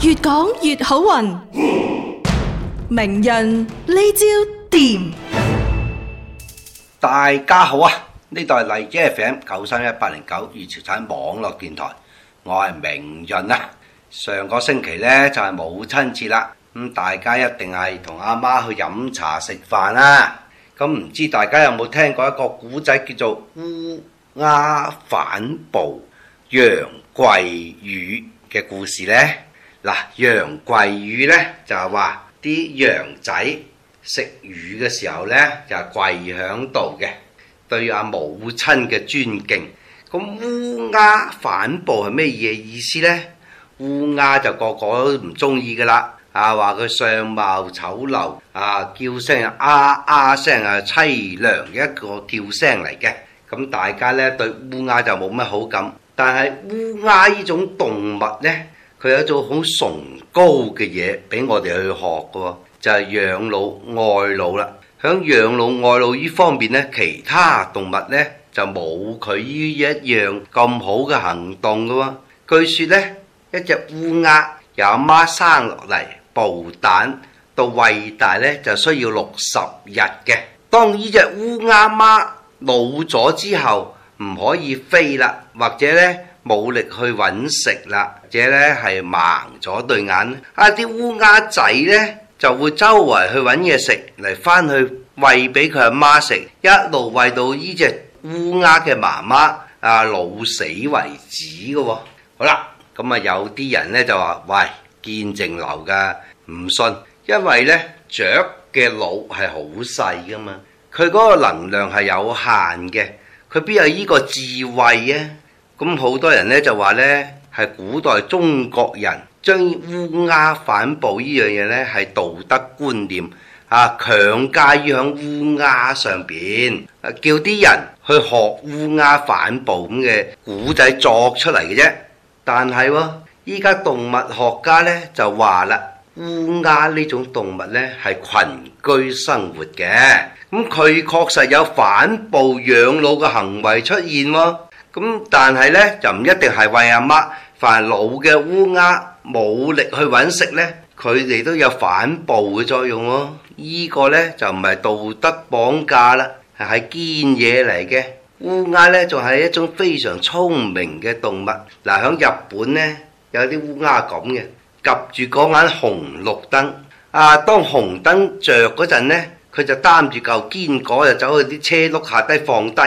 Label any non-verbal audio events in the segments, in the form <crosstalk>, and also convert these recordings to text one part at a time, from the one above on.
越講越好運，明潤呢招掂。 <noise> 大家好啊，呢度係荔枝 FM 九三一八零九粵潮盞網絡電台，我係明潤啊。上個星期呢就係母親節啦，咁大家一定係同阿媽去飲茶食飯啦。咁唔知大家有冇聽過一個古仔，叫做烏鴉反哺、羊跪乳嘅故事呢？嗱、就係，羊跪乳呢就係話啲羊仔食乳嘅時候呢就係、跪喺度嘅，對阿母親嘅尊敬。咁、嗯、烏鴉反哺係咩嘢意思呢？烏鴉就個個都唔中意噶啦，啊話佢相貌醜陋，啊叫聲啊啊聲啊淒涼嘅一個叫聲嚟嘅。咁、嗯、大家呢對烏鴉就冇乜好感，但係烏鴉呢種動物呢。佢有一種好崇高嘅嘢俾我哋去學嘅，就係、是、養老愛老啦。響養老愛老呢方面呢，其他動物呢就冇佢呢一樣咁好嘅行動嘅喎。據說呢，一隻烏鴉由阿媽生落嚟孵蛋到餵大呢就需要六十日嘅。當呢隻烏鴉媽老咗之後，唔可以飛啦，或者呢。冇力去揾食啦，或者呢係盲咗對眼。啊，啲烏鴉仔呢就會周圍去揾嘢食嚟翻去餵俾佢阿媽食，一路餵到呢隻烏鴉嘅媽媽啊老死為止噶、哦。好啦，咁啊有啲人呢就話喂見證流噶，唔信，因為呢雀嘅腦係好細噶嘛，佢嗰個能量係有限嘅，佢邊有呢個智慧啊？咁好多人呢就話呢係古代中國人將烏鴉反哺呢樣嘢呢係道德觀念啊，強加於響烏鴉上邊，叫啲人去學烏鴉反哺咁嘅古仔作出嚟嘅啫。但係喎，依家動物學家呢就話啦，烏鴉呢種動物呢係群居生活嘅，咁佢確實有反哺養老嘅行為出現喎。咁但係呢，就唔一定係為阿媽，凡老嘅烏鴉冇力去揾食呢，佢哋都有反哺嘅作用喎、啊。呢個呢，就唔係道德綁架啦，係堅嘢嚟嘅。烏鴉呢，就係一種非常聰明嘅動物。嗱、呃，喺日本呢，有啲烏鴉咁嘅，及住嗰眼紅綠燈。啊，當紅燈着嗰陣咧，佢就擔住嚿堅果就走去啲車轆下低放低。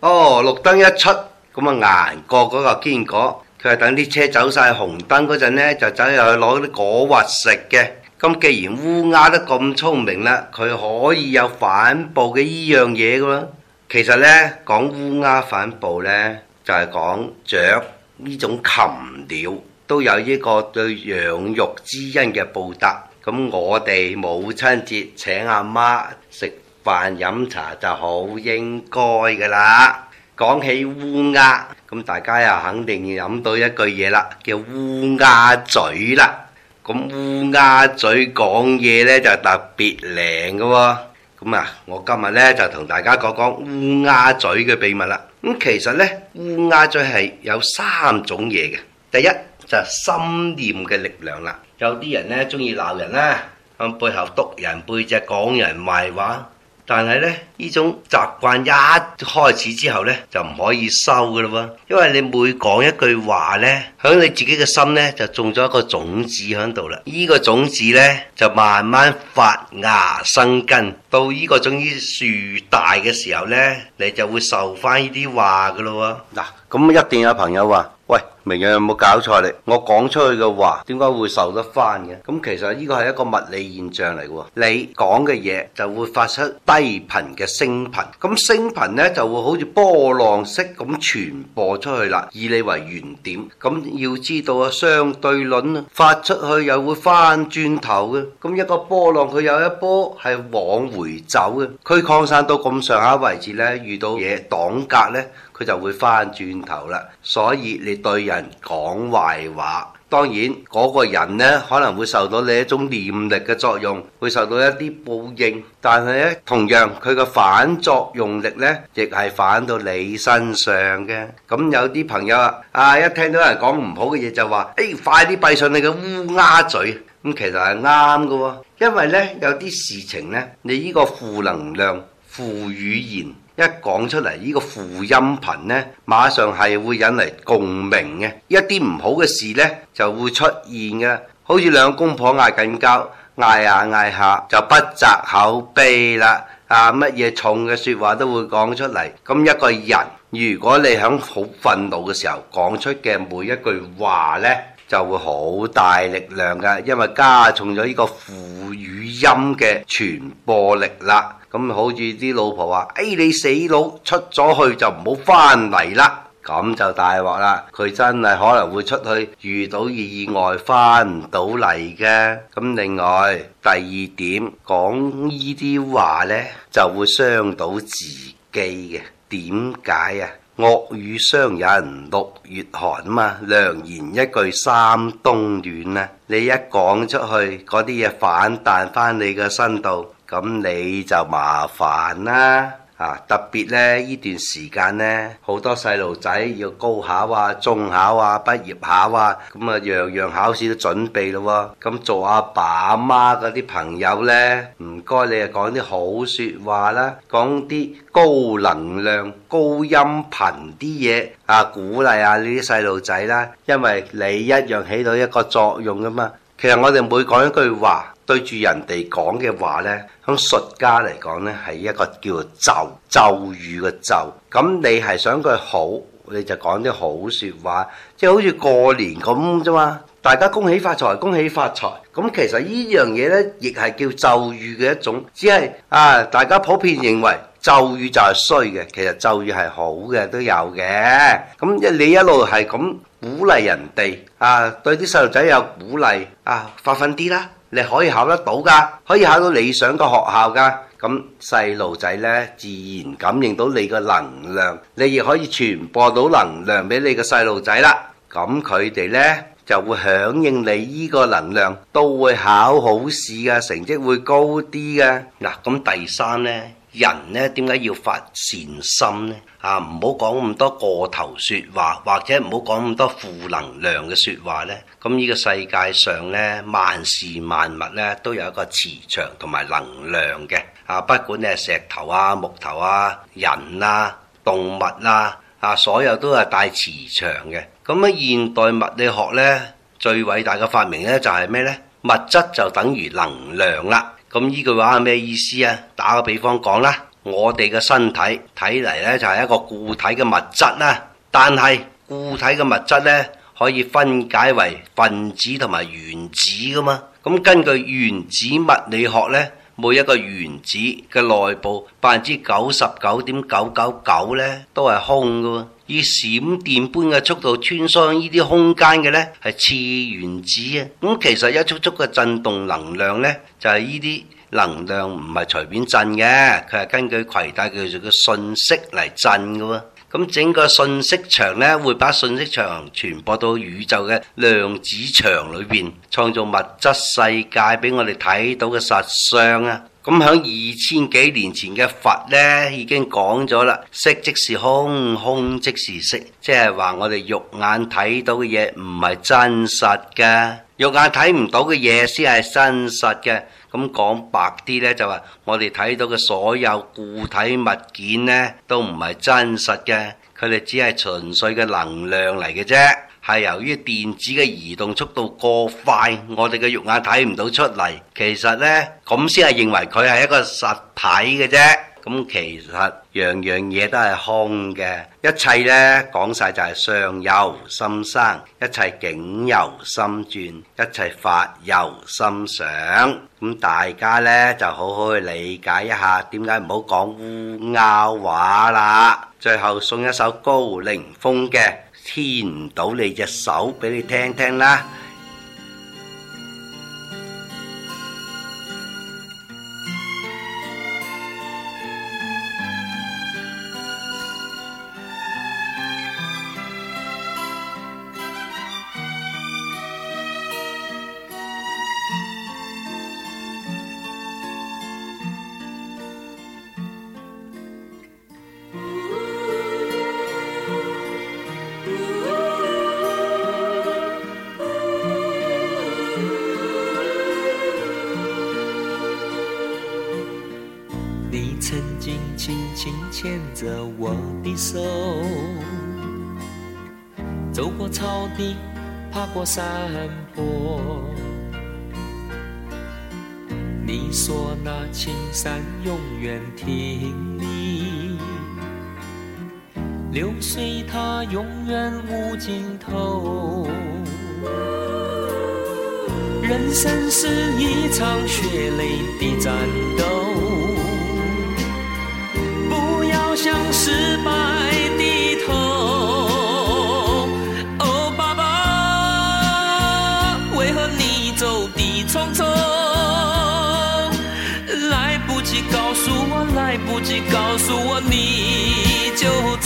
哦，綠燈一出。咁啊，顏果嗰個堅果，佢係等啲車走晒紅燈嗰陣呢，就走入去攞啲果核食嘅。咁既然烏鴉都咁聰明啦，佢可以有反哺嘅依樣嘢噶啦。其實呢，講烏鴉反哺呢，就係、是、講雀呢種禽鳥都有依個對養育之恩嘅報答。咁我哋母親節請阿媽食飯飲茶就好應該噶啦。講起烏鴉，咁大家又肯定要諗到一句嘢啦，叫烏鴉嘴啦。咁烏鴉嘴講嘢呢就特別靈嘅喎。咁、嗯、啊，我今日呢就同大家講講烏鴉嘴嘅秘密啦。咁、嗯、其實呢，「烏鴉嘴係有三種嘢嘅。第一就係、是、心念嘅力量啦。有啲人呢中意鬧人啦、啊，咁背後督人背脊講人壞話。但係咧，呢種習慣一開始之後呢，就唔可以收噶咯喎。因為你每講一句話呢，喺你自己嘅心呢，就種咗一個種子喺度啦。呢個種子呢，就慢慢發芽生根，到呢個種子樹大嘅時候呢，你就會受翻呢啲話噶咯喎。嗱，咁一定有朋友話，喂。明嘅有冇搞錯你？我講出去嘅話點解會受得翻嘅？咁其實呢個係一個物理現象嚟嘅喎。你講嘅嘢就會發出低頻嘅聲頻，咁聲頻呢就會好似波浪式咁傳播出去啦。以你為原點，咁要知道啊相對論啊，發出去又會翻轉頭嘅。咁一個波浪佢有一波係往回走嘅，佢擴散到咁上下位置呢，遇到嘢擋隔呢，佢就會翻轉頭啦。所以你對人。講壞話，當然嗰個人咧，可能會受到你一種念力嘅作用，會受到一啲報應。但係咧，同樣佢個反作用力呢亦係反到你身上嘅。咁有啲朋友啊，啊一聽到人講唔好嘅嘢就話，誒快啲閉上你嘅烏鴉嘴。咁其實係啱㗎，因為呢，有啲事情呢，你呢個負能量、負語言。一講出嚟，呢、這個負音頻呢，馬上係會引嚟共鳴嘅，一啲唔好嘅事呢，就會出現嘅，好似兩公婆嗌緊交，嗌下嗌下就不擇口鼻啦，啊，乜嘢重嘅説話都會講出嚟。咁一個人，如果你響好憤怒嘅時候講出嘅每一句話呢，就會好大力量噶，因為加重咗呢個負語音嘅傳播力啦。咁好似啲老婆話：哎，你死佬出咗去就唔好翻嚟啦。咁就大鑊啦。佢真係可能會出去遇到意外翻唔到嚟嘅。咁另外第二點講呢啲話呢，就會傷到自己嘅。點解啊？惡語傷人，六月寒嘛；良言一句三冬暖啊！你一講出去，嗰啲嘢反彈返你個身度，咁你就麻煩啦。啊！特別咧，呢段時間咧，好多細路仔要高考啊、中考啊、畢業考啊，咁啊樣樣考試都準備咯。咁、啊啊、做阿爸阿媽嗰啲朋友咧，唔該你啊，講啲好説話啦，講啲高能量、高音頻啲嘢啊，鼓勵下呢啲細路仔啦，因為你一樣起到一個作用噶嘛。其實我哋每講一句話，對住人哋講嘅話呢，響術家嚟講呢，係一個叫做咒咒語嘅咒。咁你係想佢好，你就講啲好説話，即係好似過年咁啫嘛。大家恭喜發財，恭喜發財。咁其實呢樣嘢呢，亦係叫咒語嘅一種。只係啊，大家普遍認為咒語就係衰嘅，其實咒語係好嘅都有嘅。咁一你一路係咁鼓勵人哋啊，對啲細路仔有鼓勵啊，發奮啲啦。你可以考得到噶，可以考到理想嘅學校噶。咁細路仔呢，自然感應到你嘅能量，你亦可以傳播到能量俾你嘅細路仔啦。咁佢哋呢，就會響應你呢個能量，都會考好試呀，成績會高啲嘅。嗱，咁第三呢。人咧，點解要發善心咧？啊，唔好講咁多過頭説話，或者唔好講咁多負能量嘅説話咧。咁呢個世界上咧，萬事萬物咧，都有一個磁場同埋能量嘅。啊，不管你係石頭啊、木頭啊、人啊、動物啊，啊，所有都係帶磁場嘅。咁啊，現代物理學咧，最偉大嘅發明咧就係咩咧？物質就等於能量啦。咁呢句話係咩意思啊？打個比方講啦，我哋嘅身體睇嚟咧就係一個固體嘅物質啦，但係固體嘅物質咧可以分解為分子同埋原子㗎嘛。咁根據原子物理學咧，每一個原子嘅內部百分之九十九點九九九咧都係空㗎喎。以閃電般嘅速度穿梭呢啲空間嘅呢係次原子啊！咁其實一束束嘅震動能量呢，就係呢啲能量唔係隨便震嘅，佢係根據攜帶叫做嘅信息嚟震嘅喎。咁、嗯、整個信息場呢，會把信息場傳播到宇宙嘅量子場裏邊，創造物質世界俾我哋睇到嘅實相啊！咁喺二千幾年前嘅佛呢，已經講咗啦，色即是空，空即是色，即係話我哋肉眼睇到嘅嘢唔係真實嘅，肉眼睇唔到嘅嘢先係真實嘅。咁講白啲呢，就話我哋睇到嘅所有固體物件呢都唔係真實嘅，佢哋只係純粹嘅能量嚟嘅啫。係由於電子嘅移動速度過快，我哋嘅肉眼睇唔到出嚟，其實呢，咁先係認為佢係一個實體嘅啫。咁、嗯、其實樣樣嘢都係空嘅，一切呢講晒就係上由心生，一切境由心轉，一切法由心想。咁、嗯、大家呢就好好去理解一下，點解唔好講烏鴉話啦。最後送一首高凌風嘅。牽唔到你隻手俾你聽聽啦～緊牽着我的手，走過草地，爬過山坡。你說那青山永遠挺立，流水它永遠無盡頭，人生是一場血淚的戰鬥。匆匆，來不及告訴我，來不及告訴我，你就走。